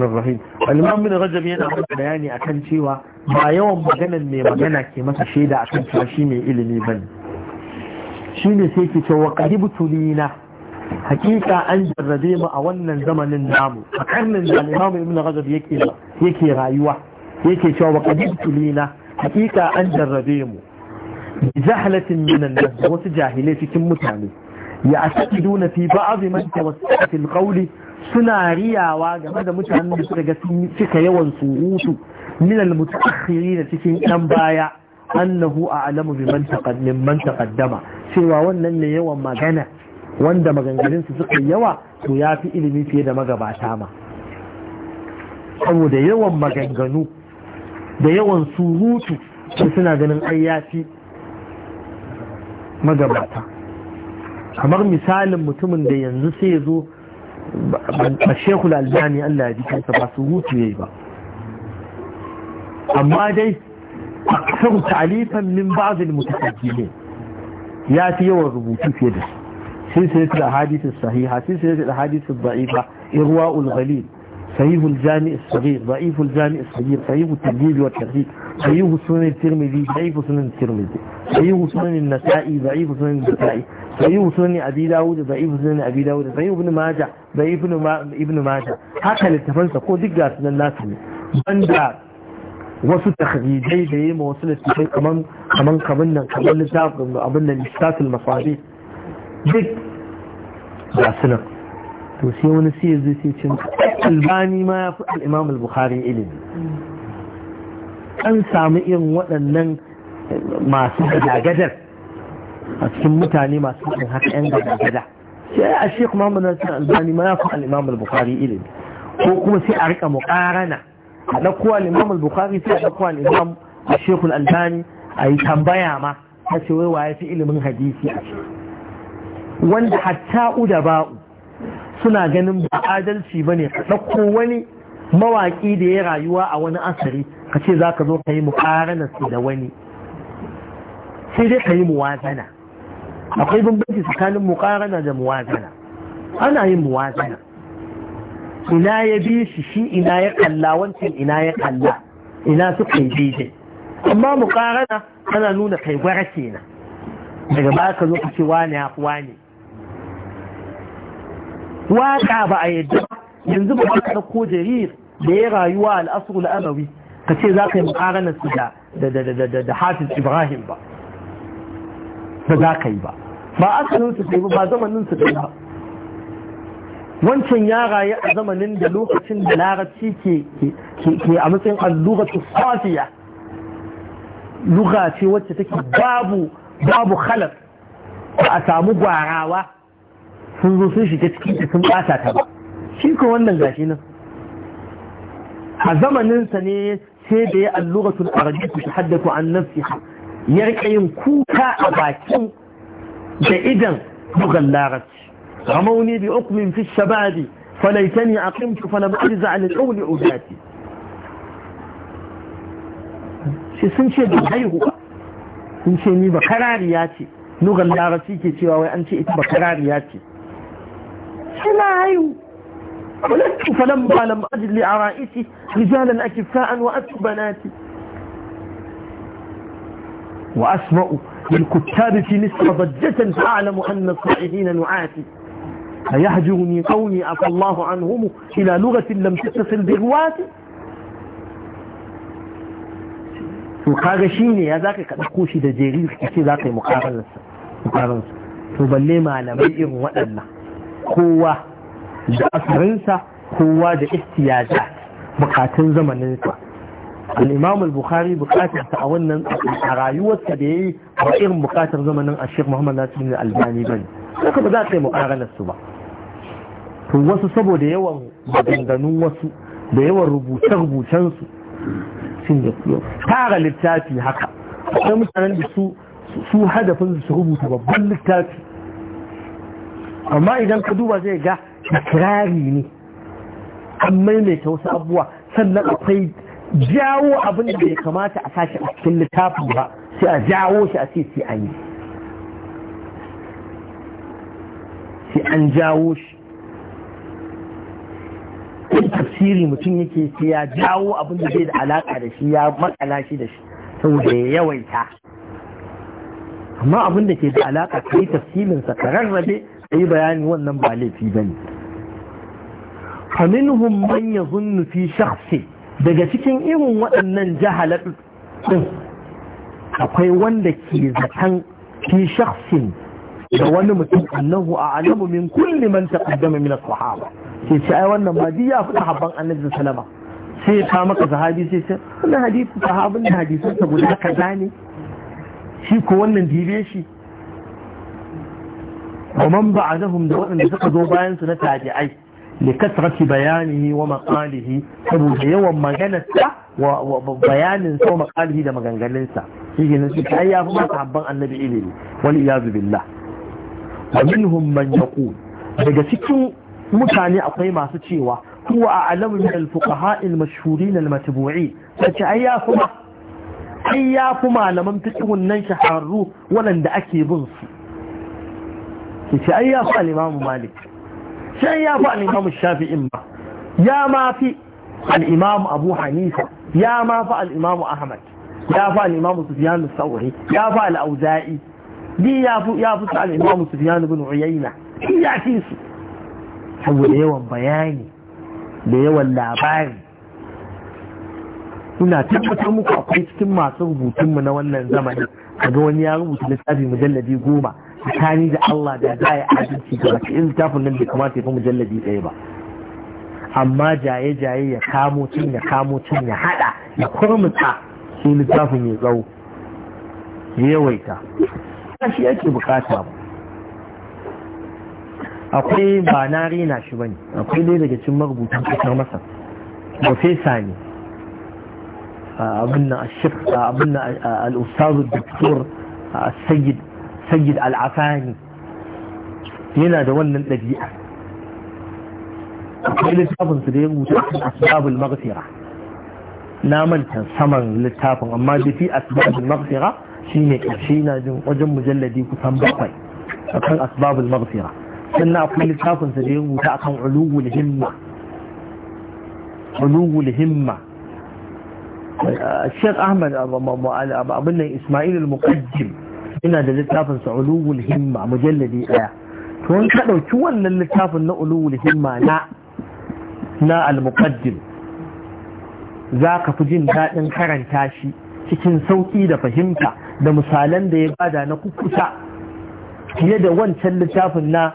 rahmanir rahim al-imam bin rajab yana da bayani akan cewa ba yawan maganar mai magana ke masa shaida akan cewa shi mai ilimi bane shine sai ke cewa qadibu tulina hakika an jarrabe mu a wannan zamanin namu a karnin da al-imam ibn rajab yake yake rayuwa yake cewa qadibu tulina hakika an jarrabe mu bi jahlatin minan nas wasu jahilai cikin mutane يعتقدون في بعض من wasu في القول suna riyawa game da mutanen da suka ga suka yawan surutu min al da cikin yan baya annahu a'lamu bi man man taqaddama cewa wannan ne yawan magana wanda maganganun su suka yawa to yafi ilimi fiye da magabata ma saboda yawan maganganu da yawan surutu suna ganin ayyafi magabata kamar misalin mutumin da yanzu sai ya zo a shekul albani Allah ya jikinsa ba su hutu ya yi ba amma dai a kan talifan min ba'azin mutakaki ne ya fi yawan rubutu fiye da su sai sai da hadisun sahiha sai sai da hadisun ba'ifa irwa ulghalil صحيح الجامع الصغير ضعيف الجامع الصغير صحيح التجديد والتحقيق صحيح sunan الترمذي ضعيف سنن الترمذي صحيح سنن النسائي ضعيف سنن nasa'i sahihu sunan abi dawud da da'ifu sunan abi dawud da sahihu ibn majah yi ibn maja. haka littafan sa ko duk gasu nan nasu ne Wanda wasu takhrijai da yayi wasu littafai kaman kaman kaman nan kaman littafin abin nan littafin masabi duk gasu nan to sai wani sai zai sai cin albani ma ya fi al-imam al-bukhari ilimi an samu irin waɗannan masu gajagadar a cikin mutane masu faɗin haka yan gada sai a shek muhammad nasir albani ma ya fi al'imam al-bukhari ilimi ko kuma sai a rika muƙarana a ɗauko al'imam al-bukhari sai a ɗauko al'imam a shekul albani a yi tambaya ma ta ce wai waye fi ilimin hadisi a ce wanda hatta uda ba'u suna ganin ba adalci ba ne ka ɗauko wani mawaƙi da ya rayuwa a wani asari ka ce za ka zo ka yi muƙaranarsu da wani sai dai ka yi muwazana akwai bambanci tsakanin muƙarana da muwazana ana yin muwazana ina ya bi shi shi ina ya kalla wancan ina ya kalla ina suka yi daidai amma mukarana ana nuna kai gwara kenan daga ba ka zo ka wane ya wane waka ba a yadda yanzu ba ka ko jarir da ya rayuwa al'asru al'amawi ka ce za ka yi muƙaranar su da da hafiz ibrahim ba ba za ka yi ba ba asalin su ɗaya ba zamanin su ɗaya wancan ya rayu a zamanin da lokacin da larabci ke a matsayin alluratu safiya luga ce wacce take babu babu khalar ba a samu gwarawa sun zo sun shiga cikin da sun bata ta ba shi wannan gashi nan a zamaninsa ne sai da ya tun arabi ku tahaddathu an nafsiha ya rika yin kuka a bakin جئدا مغلاغت رموني بعقم في الشباب فليتني أقمت فلم أرزع للأول عداتي سنشي بحي هو سنشي مي بقرارياتي نغلاغتي كي سواوي أنشي إت ولست فلما لم أجل لعرائتي رجالا أكفاء وأتو بناتي وأسمأ للكتاب في مصر ضجة فأعلم أن الصحيحين نعاتي فيهجرني قومي عفى الله عنهم إلى لغة لم تتصل بغواتي مقارشيني يا ذاكي قد أقوشي دا جرير كشي ذاكي مقارنة مقارنة تبلي ما على لمئر وأنا قوة دا أثرنسة قوة دا احتياجات مقاتن زمن نتوى al bukhari bukatar ta a wannan a rayuwarsa da yayi ba irin bukatar zamanin ashir muhammad nasir al-albani bane haka ba za ka yi mukaranar ba to wasu saboda yawan maganganun wasu da yawan rubuce-rubucen su sun tara littafi haka akwai mutanen da su hadafin su rubuta babban littafi amma idan ka duba zai ga kirari ne an maimaita wasu abubuwa sannan akwai jawo abin da bai kamata a sashi a cikin littafin ba sai a jawo shi a sai an yi sai an jawo shi kun tafsiri mutum yake sai ya jawo abin da bai da alaka da shi ya makala shi da shi saboda ya yawaita amma abin da ke da alaka ka yi tafsirinsa ka rarrabe ka yi bayani wannan ba laifi ba ne faminhum man yazunnu fi shakhsi daga cikin irin waɗannan jahalar ɗin akwai wanda ke zaton fi shakhsin da wani mutum annahu a alamu min kulli man taqaddama min as-sahaba sai ce ai wannan ba ya fi haɓɓan annabi salama sai ya ka sahabi sai ce wannan hadisi sahabin da hadisin sa guda ka gane? shi ko wannan dibe shi wa man ba'adahum da waɗanda suka zo bayan su na tabi'ai لكثرة بيانه ومقاله saboda yawan maganarsa wa bayanin sa makalihi da maganganunsa shi ne su kai ya annabi ilimi wal iyazu daga cikin mutane akwai masu cewa huwa a'lamu min al-fuqaha al-mashhurin al kuma ai ya malaman fiqhun nan shahararru waɗanda ake bin su sai ai ya malik can ya fi al'imamu shafi'in ba ya ma fi al'imamu abu hanifa ya ma fi al'imamu ahmad ya fi al'imamu sufiyanu sauri ya fi al'auza'i bi ya fi ya fi al'imamu sufiyanu bin uyayna shi ya fi su saboda yawan bayani da yawan labari ina tabbatar muku akwai cikin masu rubutunmu na wannan zamanin kaga wani ya rubuta littafi mujalladi goma tsakani da Allah da za a yi adalci ga wata in tafin nan bai kamata ya fi mujallabi ɗaya ba amma jaye-jaye ya kamo cin ya kamo cin ya haɗa ya kurmuta su littafin ya tsawo yawaita ba shi yake bukata ba akwai ba na rena shi ne. akwai dai daga cikin marubutan kasar masa. profesa ne abin na al abin na doktor sayyid سيد العفاني هنا دولنا ولن أقول لك سابن تريد متأكد أسباب المغفرة نامل كان سمن للتافن أما دي في أسباب المغفرة شينيك أشينا جن وجن مجلدي كثم بقوي فكان أسباب المغفرة سنة وكيلي سابن تريد متأكد علو الهمة علو الهمة الشيخ أحمد أبن إسماعيل المقدم ina da littafin sa ulul himma mujalladi daya to in ka dauki wannan littafin na ulul himma na na al-muqaddim ka fi jin daɗin karanta shi cikin sauƙi da fahimta da misalan da ya bada na kukusa fiye da wancan littafin na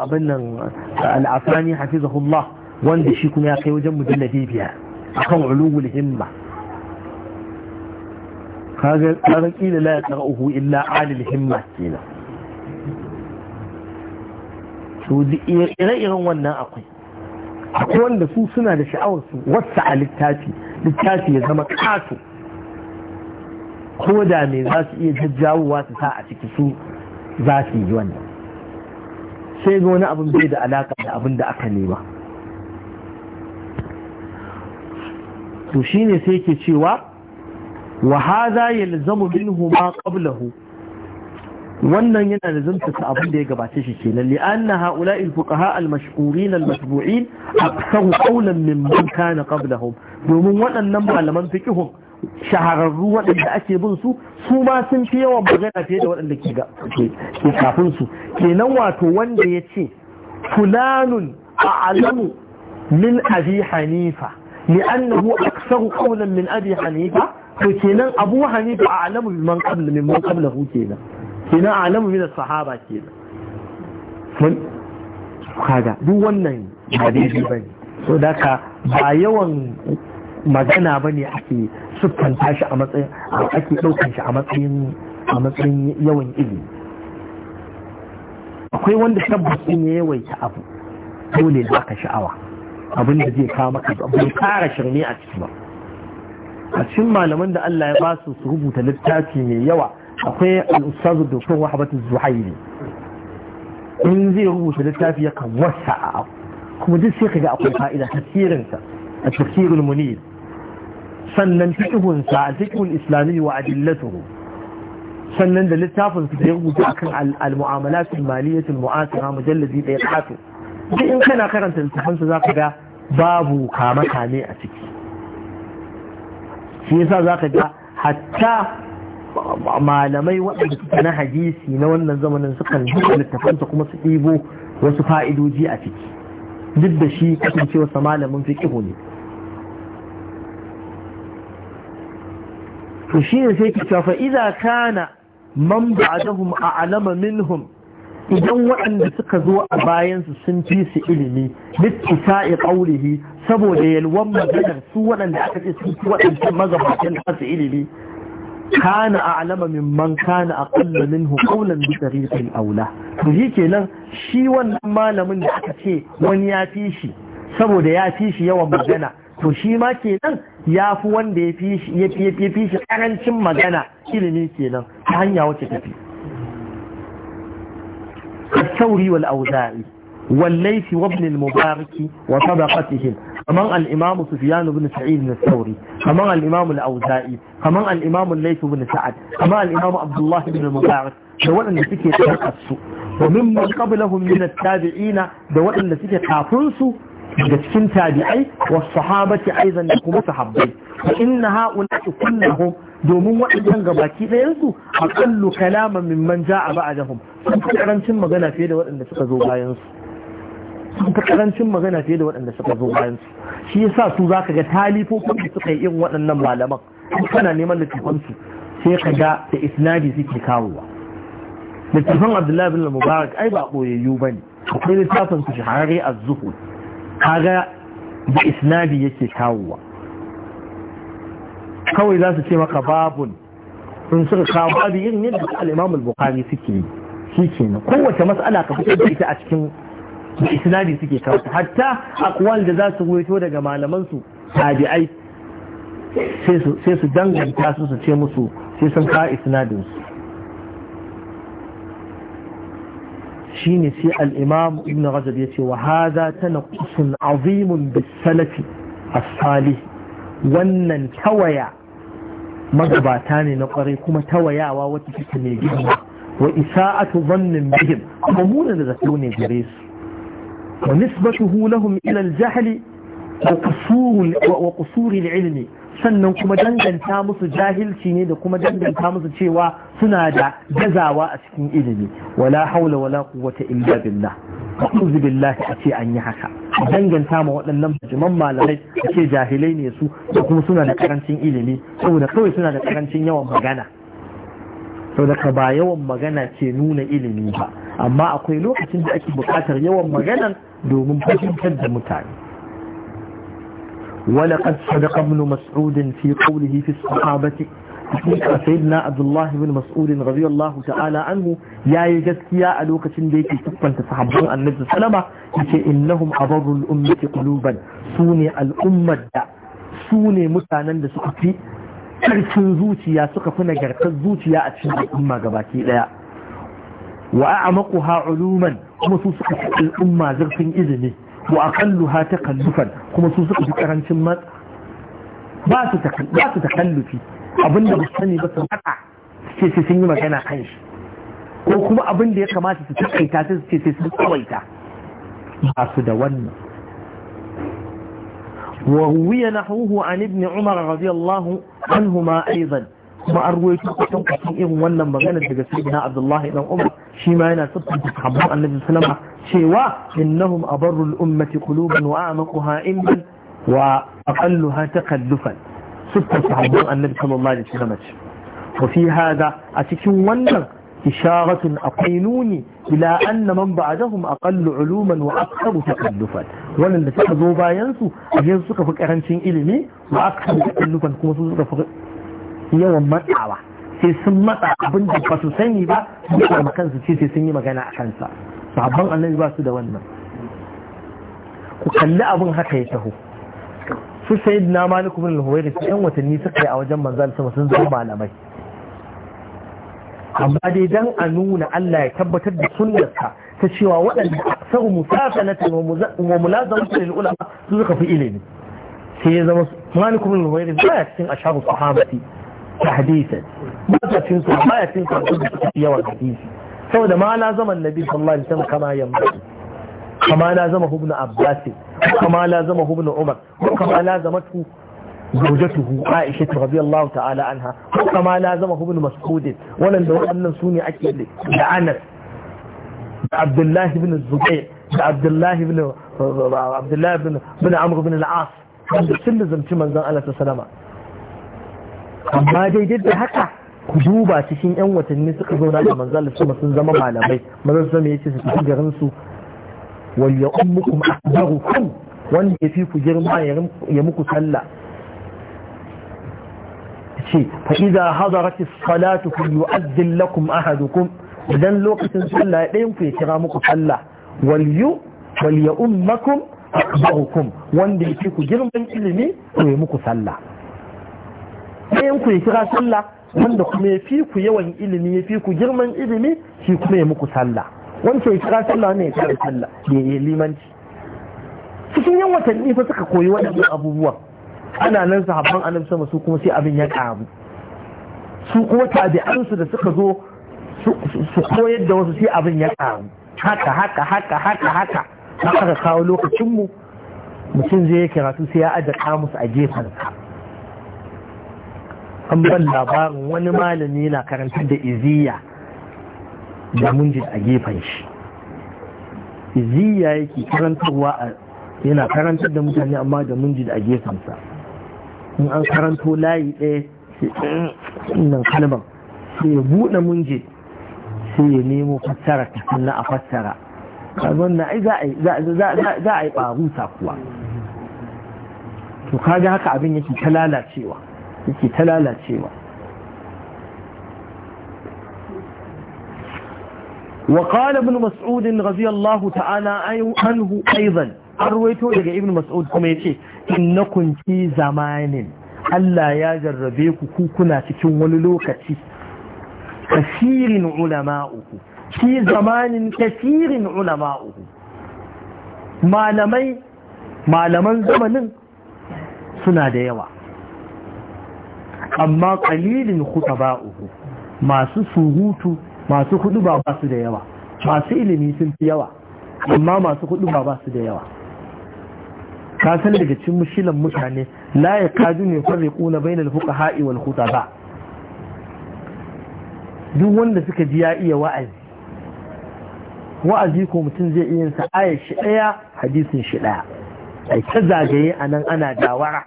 abin nan al-afani hafizahullah wanda shi kuma ya kai wajen mujalladi biya akan ulul himma kaga kaga kila la uhu illa alil himma kila to ire-iren wannan akwai akwai wanda su suna da sha'awar su wasa a littafi littafi ya zama kato ko da me za su iya jajjawowa su sa a ciki su za su yi wannan sai ga wani abin bai da alaka da abin da aka nema to shine sai ke cewa Wahaza hadha yalzamu minhu qablahu wannan yana da zumta abin da ya gabace shi kenan li anna ha'ula'il fuqaha al-mashhurin al-matbu'in aktsaru qawlan mimman kana domin waɗannan malaman fiqhum shahararru waɗanda ake bin su su ma sun fi yawan magana fiye da waɗanda ke kafin su kenan wato wanda ya ce fulanun a'lamu min abi hanifa li'annahu aksaru qawlan min abi hanifa to kenan abu hanifa a alamu man qabla min man qabla hu kenan kenan alamu min sahaba kenan mun kaga duk wannan hadisi bane so daka ba yawan magana bane ake siffanta shi a matsayin ake daukan shi a matsayin a matsayin yawan ilimi akwai wanda tabbacin ne yawaita abu dole da ka sha'awa abin da zai kawo maka bai kara shirme a cikin ba a cikin malaman da Allah ya ba su su rubuta littafi mai yawa akwai al'ustazu doktor wahabatu zuhairi in zai rubuta littafi ya kan wasa a abu kuma duk sai akwai fa'ida tafsirinsa a tafsirul munir sannan fiqhunsa a fiqhul islami wa adillatuhu sannan da littafin su da ya rubuta akan al-mu'amalat al-maliyyah al-mu'asira mujalladi da duk in kana karanta littafin sa zaka ga babu kama kame a ciki shi yasa zaka ga hatta malamai waɗanda suka na hadisi na wannan zamanin sukan duka littafansa kuma su ɗibo wasu fa'idoji a ciki duk da shi wasu malamin fiƙihu ne to shi ne sai ke cewa fa'iza kana man ba'dahum a'lama minhum idan waɗanda suka zo a bayansu sun fi su ilimi a ƙaurihi saboda yalwan maganar su waɗanda aka ce sun fi waɗancan magabatan su ilimi kana a'lama mimman kana a minhu hukunan bi tariqil aula to kenan shi wannan malamin da aka ce wani ya fi shi saboda ya fi shi yawan magana to shi ma kenan ya fi wanda ya fi shi ƙarancin magana ilimi kenan ta hanya wacce tafi كالثوري والأوزاعي والليث وابن المبارك وطبقتهم كمان الإمام سفيان بن سعيد الثوري كمان الإمام الأوزائي كمان الإمام الليث بن سعد كمان الإمام عبد الله بن المبارك دواء النسيك يتنقص وممن قبلهم من التابعين دواء النسيك يتعفنس جسكين تابعي والصحابة أيضا يقوم صحابي فإن هؤلاء كلهم domin waɗannan gabaki ɗayansu a kallu kalama mimman ja a ba'adahum sun fi karancin magana fiye da waɗanda suka zo bayansu sun fi karancin magana fiye da waɗanda suka zo bayansu shi yasa su zaka ga talifofin da suka yi irin waɗannan malaman kana neman littafansu sai ka ga da isnadi suke kawowa littafin abdullahi bin mubarak ai ba ɓoyayyu ba ne akwai littafin su shahararre a zuhu kaga da isnadi yake kawowa kawai za su ce maka babun in suka kawo babu irin yadda al'imamul bukari suke yi shi ke nan kowace matsala ka da ita a cikin isnadi suke kawo hatta akwal da za su waito daga malaman su tabi'ai sai su danganta su su ce musu sai sun kawo isnadin su shine sai al-imam ibn rajab ce wa hadha tanaqqusun azimun bis salafi as-salih wannan tawaya magabata ne na kwarai kuma tawayawa wata take mai girma wa isa'atu dhannin bihim kuma munan da zato ne gare su wa nisbatuhu lahum ila al wa qusur wa sannan kuma danganta musu jahilci ne da kuma danganta musu cewa suna da gazawa a cikin ilimi wala haula wala quwwata illa billah a'udhu billahi a ce an yi haka danganta ma waɗannan bujiman malamai a ce jahilai ne su da kuma suna da karancin ilimi saboda kawai suna da karancin yawan magana saboda ka ba yawan magana ce nuna ilimi ba amma akwai lokacin da ake buƙatar yawan maganan domin fahimtar da mutane ولقد صدق ابن مسعود في قوله في الصحابة sayyidina abdullah ibn mas'ud radiyallahu ta'ala anhu yayi gaskiya a lokacin da yake siffanta sahabban annabi sallama yace innahum abarrul ummati quluban sune al'ummar da sune mutanen da suka fi karfin zuciya suka fi nagartar zuciya a cikin al'umma gabaki daya wa a'maquha uluman kuma su suka fi zurfin izini wa kuma su fi ba su takallufi abin da ba sani ba su faɗa ce sai sun yi magana kan shi ko kuma abin da ya kamata su takaita sai su ce sai sun tsawaita ba su da wannan وروي نحوه عن ابن عمر رضي الله عنهما أيضا ما أروي كتن كتن وانا مغانا دقى سيدنا عبد الله بن عمر شيما ينا سبحان تتحبون أن النبي صلى الله عليه وسلم شيوا إنهم أبر الأمة قلوبا وأعمقها إما وأقلها تكلفا siffar sahabban annabi sallallahu alaihi wasallam ce wa fi hada a cikin wannan isharatun akwai nuni ila anna man ba'dahum aqallu uluman wa aktharu takallufan wannan da suka zo bayan su a suka fi karancin ilimi wa aktharu takallufan kuma su suka fi yawan matsawa sai sun matsa abin da ba su sani ba su yi ma kansu ce sai sun yi magana a kansa sabon annabi ba su da wannan ku kalli abin haka ya taho su sayid na maliku bin al-huwairi su yan watanni suka yi a wajen manzal sama sun zama malamai amma dai dan a nuna Allah ya tabbatar da sunnarsa ta cewa waɗanda na musafanatan wa mulazamatan lil ulama su suka fi ilimi sai ya zama maliku bin al-huwairi baya cikin ashabu sahabati tahdisan ba ta cikin su ba baya cikin su yawan hadisi saboda ma na zama nabi sallallahu alaihi wasallam kama yamma kama na zama ibn abbasin kama lazama ibn umar kama lazamatu زوجته عائشة رضي الله تعالى عنها كما لازمه ابن مسعود ولن دو أن سوني أكيد لعنس عبد الله بن الزبير عبد الله بن عبد الله بن بن عمرو بن العاص sun zamci manzon amma dai da haka ku duba cikin yan watanni suka zauna a manzon Allah sun zama malamai manzon sama ce su tafi garin su wal ya'ummukum akbarukum wanda ya fi ku girma ya muku sallah ce fa idza hadaratis salatu fal yu'adhdhin lakum ahadukum idan lokacin sallah ɗayan ku ya kira muku sallah wal yu wal ya'ummakum akbarukum wanda ya fi ku girman ilimi ko ya muku sallah ɗayan ku ya kira sallah wanda kuma ya fi ku yawan ilimi ya fi ku girman ilimi shi kuma ya muku sallah wancan ya kira sallah wannan ya kira sallah ne limanci cikin yan watanni fa suka koyi waɗannan abubuwa ana nan su sahabban annabi sama su kuma sai abin ya ƙaru su kuma tabi'ansu da suka zo su koyar da wasu sai abin ya ƙaru haka haka haka haka haka haka kawo lokacinmu mutum zai yake karatu sai ya aje kamus a gefen ka. an ban labarin wani malami na karantar da iziya da munjid a gefen shi iziya yake karantarwa yana karantar da mutane amma da munjid a gefensa in an karanto layi ɗaya nan kalmar sai ya buɗe munjid sai ya nemo fassara ta sanna a fassara wannan ai za a yi ɓaru kuwa to kaji haka abin yake ta lalacewa yake ta lalacewa وقال ابن مسعود رضي الله تعالى عنه أيضا أرويته لك ابن مسعود كما يتي إنكم في زمان ألا يا جربيك كوكنا تكون ولوكتي كثير علماؤه في زمان كثير علماؤه ما لمي ما لمن زمن سنا ديوا أما قليل خطباؤه ما سسوهوته masu kudu ba ba su da yawa masu ilimi sun fi yawa amma masu kudu ba ba su da yawa ka san daga cikin mushilan mutane la ya kaju ne kwarai kuna bai na fuka ha'i wal kuta ba duk wanda suka ji ya iya wa'azi wa'azi ko mutum zai iya sa ayar shi ɗaya hadisin shi ɗaya ai ta zagaye a nan ana dawara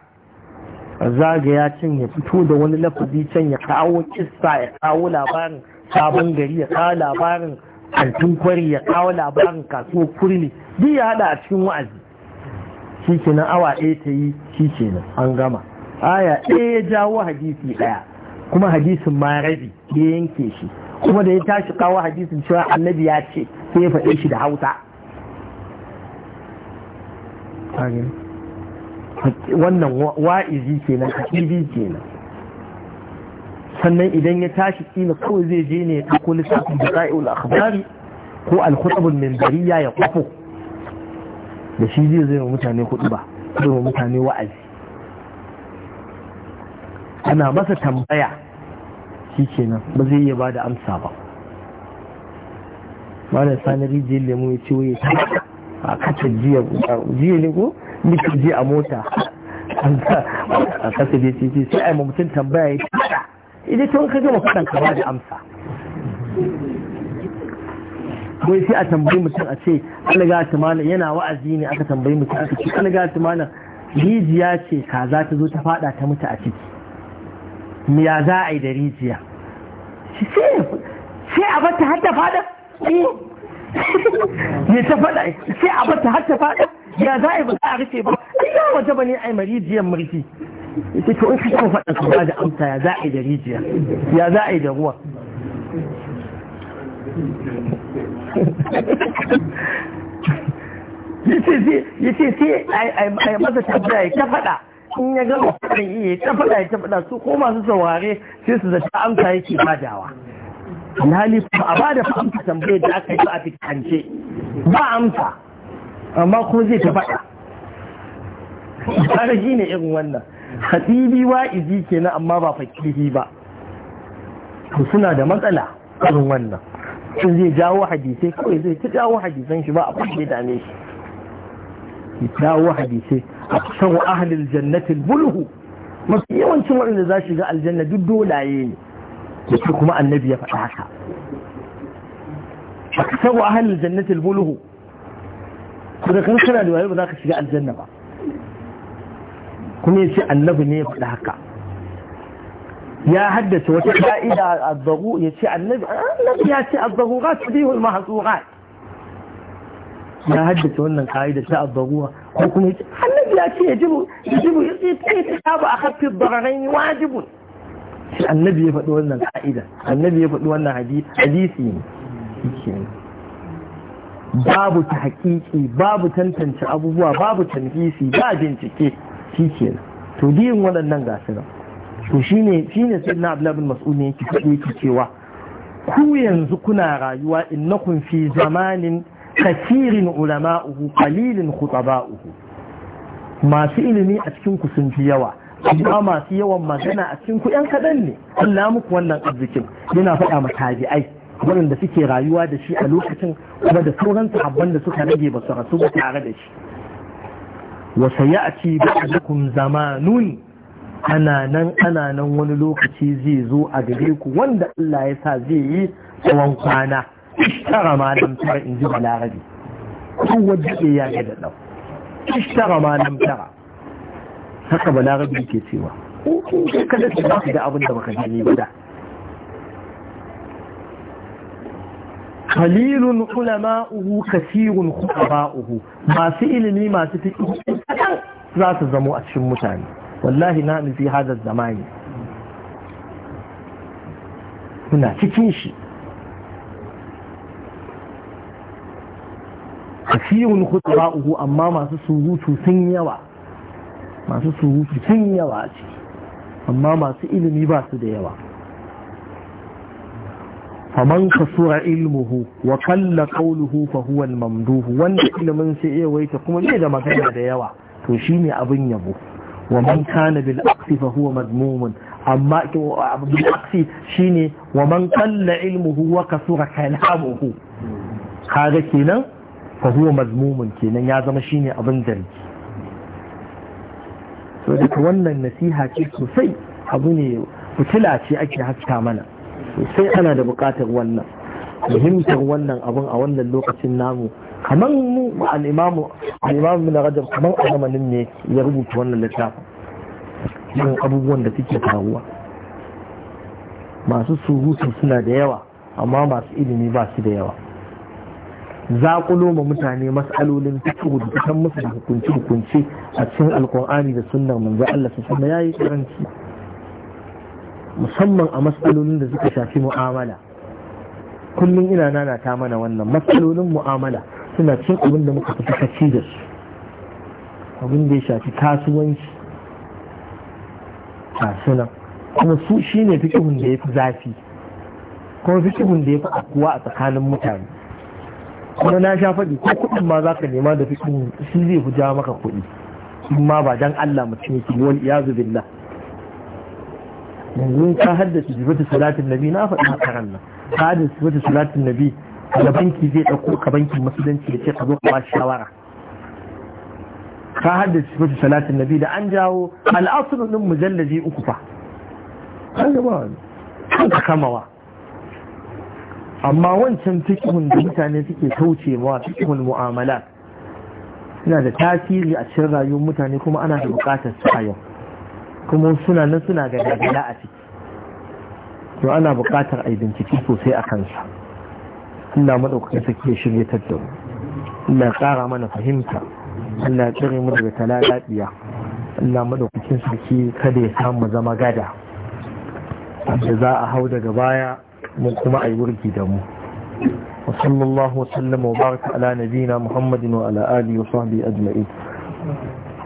zagaya can ya fito da wani lafazi can ya kawo kissa ya kawo labarin sabon gari ya kawo labarin kantin kwari ya kawo labarin kasuwar kurmi duk ya hada a cikin wa'azi shi kenan awa ɗaya ta yi shi kenan an gama aya ɗaya ya jawo hadisi ɗaya kuma hadisin ma rabi ya yanke shi kuma da ya tashi kawo hadisin cewa annabi ya ce sai ya faɗe shi da hauta wannan wa'izi kenan haƙibi kenan sannan idan ya tashi kila kawai zai je ne a kuli lissafin da sa'il akhbari ko al-khutabul ya kwafo da shi zai zai mutane hudu ba zai mutane wa'azi ana masa tambaya shi nan ba zai iya da amsa ba Ba sanar sani rijiyar lemu ya ce waye ta a kasa jiya jiya ne ko nika jiya a mota a kasa da ce sai a mutum tambaya ya tada idan tun ka gama faɗan ka ba da amsa wai sai a tambayi mutum a ce alga tumana yana wa'azi ne aka tambayi mutum aka ce alga tumana rijiya ce kaza ta zo ta fada ta mutu a ciki me ya za a yi da rijiya sai a bata har ta fada ne eh. ta fada sai a bata har ta fada ya za a yi ba za a rufe ba ya waje ba ne a yi marijiyar mulki ita to in suka faɗa su ba da amsa ya za a da rijiya ya za a yi da ruwa ce sai a yi masa tabbata ta faɗa in ya gama faɗin iya ta faɗa ta faɗa su ko masu saurare sai su zata amsa yake badawa alhali a ba da amsa tambayar da aka yi a fitance ba amsa amma kuma zai ta faɗa tarihi ne irin wannan khatibi wa'izi kenan amma ba fakihi ba to suna da matsala irin wannan sun zai jawo hadisai kawai zai ta jawo hadisan shi ba a kwanke dame shi jawo hadisai a kusan wa ahalil jannatin bulhu mafi yawancin waɗanda za shiga aljanna duk dolaye ne da su kuma annabi ya faɗa haka a kusan wa ahalil jannatin bulhu to da kan kana da wayo ba za ka shiga aljanna ba kuma ya ce annabi ne ya faɗi haka ya haddace wata ka'ida azzaru ya ce annabi annabi ya ce azzarurat tudihul mahzurat ya haddace wannan ka'ida ta azzaruwa ko kuma yace annabi ya ce yajibu yajibu yace ta ba akhaffi dararain wajibun annabi ya faɗi wannan ka'ida annabi ya faɗi wannan hadisi ne babu ta hakiki babu tantance abubuwa babu tanfisi ba bincike shi ke to biyun waɗannan gasu to shine ne sai na abdullahi mas'ud ne yake faɗi yake cewa ku yanzu kuna rayuwa innakum fi zamanin kasirin ulama'uhu qalilin khutaba'uhu masu ilimi a cikin ku fi yawa amma masu yawan magana a cikin ku yan kaɗan ne Allah muku wannan arzikin yana faɗa ma tabi'ai waɗanda suke rayuwa da shi a lokacin kuma da sauran sahabban da suka rage basu rasu ba tare da shi wa sayati ba'dakum zamanun ana nan ana nan wani lokaci zai zo a gare ku wanda Allah ya sa zai yi tsawon kwana ishtara ma lam tara in ji balarabi ko wanda ke ya ga da ishtara ma lam tara haka balarabi ke cewa kada ka da abin da baka gani ba da Kalilun qalilun ulama'uhu kathirun khutba'uhu masu ilimi masu fiqh za su zamo a cikin mutane wallahi na nufi hada zamani muna cikin shi kasirun khutba'uhu amma masu surutu sun yawa masu surutu sun yawa ce amma masu ilimi ba su da yawa faman kasura ilmuhu wa kalla qawluhu fa huwa al-mamduhu wanda ilimin sai ya waita kuma ne da magana da yawa to shine abin yabo wa man kana bil aqsi fa huwa madmumun amma bil aqsi shine wa man qalla ilmuhu wa kasura kalamuhu kaga kenan fa huwa madmumun kenan ya zama shine abin zargi to da wannan nasiha ce sosai abu ne fitila ce ake haska mana Sai ana da bukatar wannan muhimtar wannan abun a wannan lokacin namu kamar mu al'imamu al'imamu na rajab kamar a zamanin ne ya rubuta wannan littafin yin abubuwan da suke faruwa masu surutu suna da yawa amma masu ilimi ba su da yawa zaƙulo ma mutane mas'alolin fikiru da fitan musu da hukunci-hukunci a cikin alkur'ani da sunan manzo Allah su sama yayi karanci musamman a matsalolin da suka shafi mu'amala kullum ina nana ta mana wannan matsalolin mu'amala suna cin abin da muka fi kaci da su abin da ya shafi kasuwanci suna kuma su shi ne fikihun da ya fi zafi kuma fikihun da ya fi akuwa a tsakanin mutane kuma na sha faɗi ko kuɗin ma za ka nema da fikihun shi zai fi ja maka kuɗi in ma ba dan Allah mutum yake wal iyazu billah yanzu ka haddace sifatu salatin nabi na faɗi haka ranar ka haddace sifatu salatin nabi da banki zai ɗauko ka bankin musulunci da ce ka zo ka ba shawara ka haddace sifatu salatin nabi da an jawo al'asuru ɗin mujallaji uku fa an gaba wani an ka kamawa amma wancan fikihun da mutane suke kauce mawa fikihun mu'amala suna da tasiri a cikin rayuwar mutane kuma ana da bukatar su a yau kuma suna nan suna gada a ciki to ana buƙatar a yi bincike sosai a kansa Allah maɗaukakin sake shirya tattau Ina ƙara mana fahimta Ina tsiri mu daga talalaɗiya Ina maɗaukakin sarki kada ya samu zama gada da za a hau daga baya mun kuma a yi wurgi da mu وصلى الله وسلم وبارك على نبينا محمد وعلى آله وصحبه أجمعين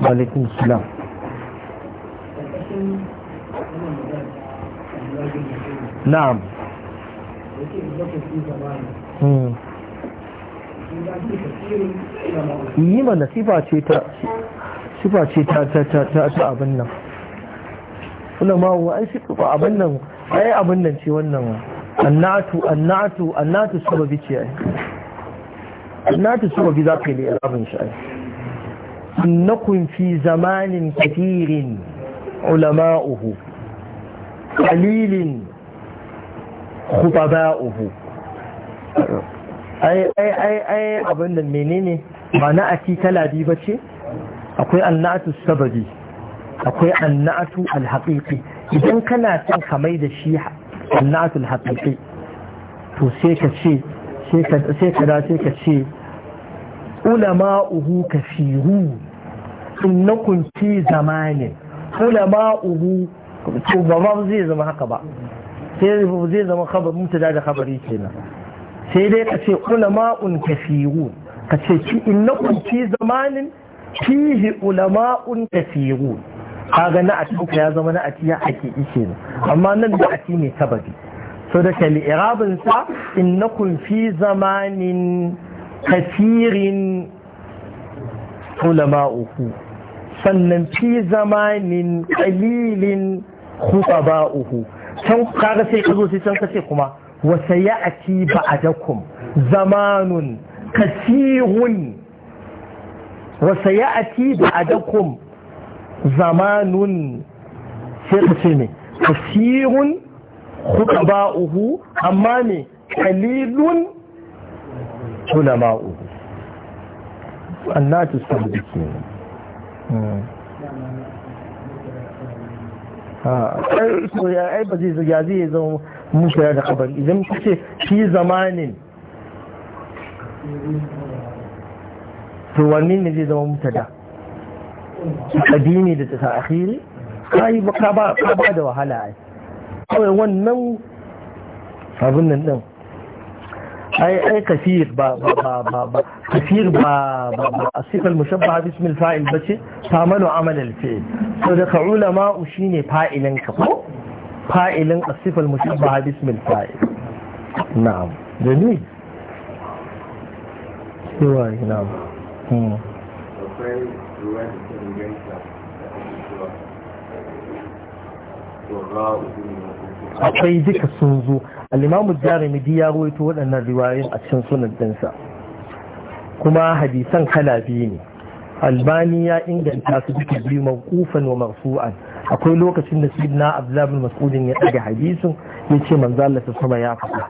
وعليكم السلام na'am hmm. yi mana sifa ta sifa ce ta abin nan ulama wa ai sifa abin nan ai abin nan ce wannan annatu annatu annatu sababi ce ai annatu sababi za ka yi abin shi ai sunnakum fi zamanin kafirin ulama'uhu qalilin khubaba'uhu ai ai ai ai abin da menene ba na'ati talabi ba ce akwai annatu sababi akwai annatu alhaqiqi idan kana son kamai da shi annatu alhaqiqi to sai ka ce sai ka sai ka da sai ka ce ulama'uhu kafiru innakum fi zamanin ulama'uhu to ba zai zama haka ba sai zai zama khabar da khabari kenan sai dai ka ce ulama'un kafiru, ka ce ki innakum fi zamanin fihi ulama'un kafiru, kaga na ka ya zama na atiya hakiki kenan amma nan da ati ne sababi so da kalli irabin sa innakum fi zamanin kafirin ulama'uhu sannan fi zamanin kalilin uku. can kaga sai ka zo sai can ce kuma wa sayati ba'dakum zamanun kasirun wa sayati ba'dakum zamanun sai ka ce me kasirun khutba'uhu amma me kalilun ulama'uhu annatu sabbi kenan hmm. a ai ba zai ya zai zama musa da kabari idan ka ce fi zamanin to wani ne zai zama mutada kadimi da ta akhiri kai ba ka ba da wahala ai kawai wannan abin nan din kafir ba ba ba ba kafir ba ba shine fa'ilin ka ko akwai al'imamu jarimidi ya ruwaito waɗannan riwayoyin a cikin sunan ɗinsa kuma hadisan kala biyu ne albani ya inganta su duka biyu mawqufan wa marfu'an akwai lokacin da sayyidina abdullah bin mas'ud ya daga hadisin ya manzo Allah ta sama ya faɗa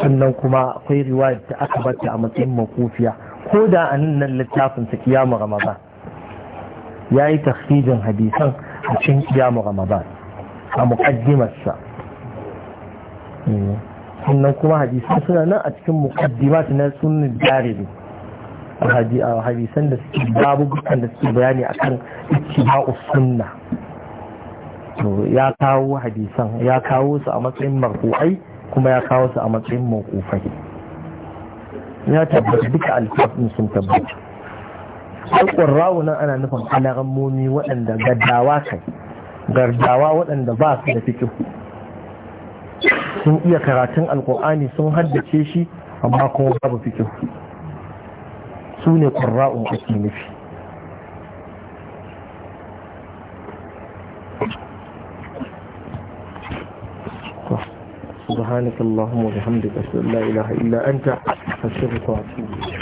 sannan kuma akwai riwayar da aka bata a matsayin mawqufiya ko da anan nan littafin sa kiyamu ramadan yayi takhrijin hadisan a cikin kiyamu ramadan a muqaddimarsa hmm. sannan kuma hadisan suna nan a cikin muqaddimat na sunan darimi a hadisan da suke babu bukan da suke bayani akan ittiba'u sunna to ya kawo hadisan ya kawo su a matsayin marfu'ai kuma ya kawo su a matsayin mawqufai ya tabbata duka alfafin sun tabbata alƙon nan ana nufin alarammomi waɗanda gaddawa kai gardawa waɗanda ba su da fikihu sun iya karatun alkur'ani sun haddace shi amma kuma babu fikin su ne ƙurra'un ake nufi سبحانك اللهم وبحمدك أشهد أن لا إله إلا أنت أستغفرك وأتوب إليك